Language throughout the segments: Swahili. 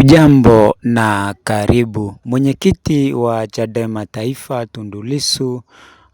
Ujambo na karibu. Mwenyekiti wa Chadema Taifa Tundu Lissu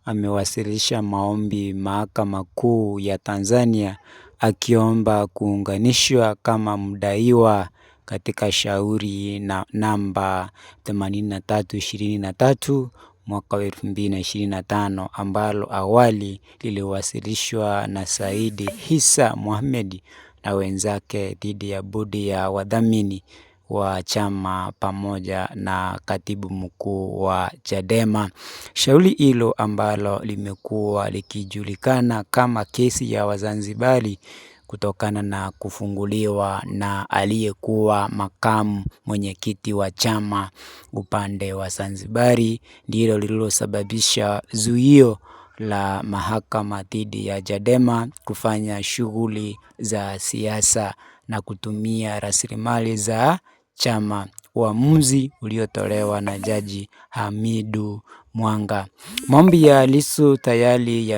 amewasilisha maombi Mahakama Kuu ya Tanzania akiomba kuunganishwa kama mdaiwa katika shauri na namba 8323 mwaka wa 2025 ambalo awali liliwasilishwa na saidi hisa Mohamed na wenzake dhidi ya bodi ya wadhamini wa chama pamoja na katibu mkuu wa Chadema. Shauri hilo ambalo limekuwa likijulikana kama kesi ya Wazanzibari kutokana na kufunguliwa na aliyekuwa makamu mwenyekiti wa chama upande wa Zanzibari ndilo lililosababisha zuio la mahakama dhidi ya Chadema kufanya shughuli za siasa na kutumia rasilimali za chama. Uamuzi uliotolewa na Jaji Hamidu Mwanga. Maombi ya Lissu tayari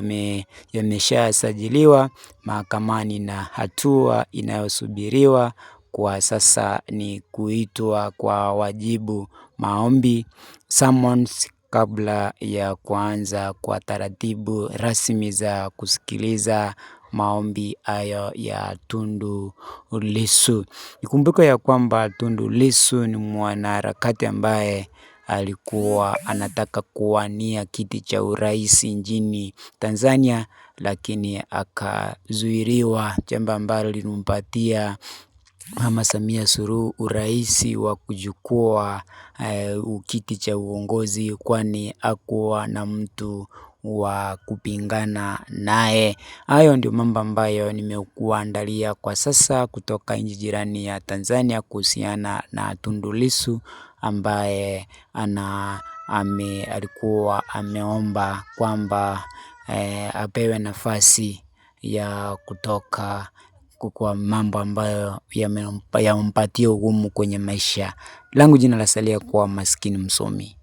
yameshasajiliwa mahakamani na hatua inayosubiriwa kwa sasa ni kuitwa kwa wajibu maombi, summons kabla ya kuanza kwa taratibu rasmi za kusikiliza maombi hayo ya Tundu Lissu. ikumbuko ya kwamba Tundu Lissu ni mwanaharakati ambaye alikuwa anataka kuwania kiti cha urais nchini Tanzania, lakini akazuiriwa jambo ambalo lilimpatia Mama Samia Suluhu urahisi wa kuchukua eh, kiti cha uongozi kwani hakuwa na mtu wa kupingana naye. Hayo ndio mambo ambayo nimekuandalia kwa sasa kutoka nchi jirani ya Tanzania kuhusiana na Tundu Lissu ambaye alikuwa ameomba kwamba eh, apewe nafasi ya kutoka kwa mambo ambayo yamempatia ugumu kwenye maisha langu. Jina la salia kuwa Maskini Msomi.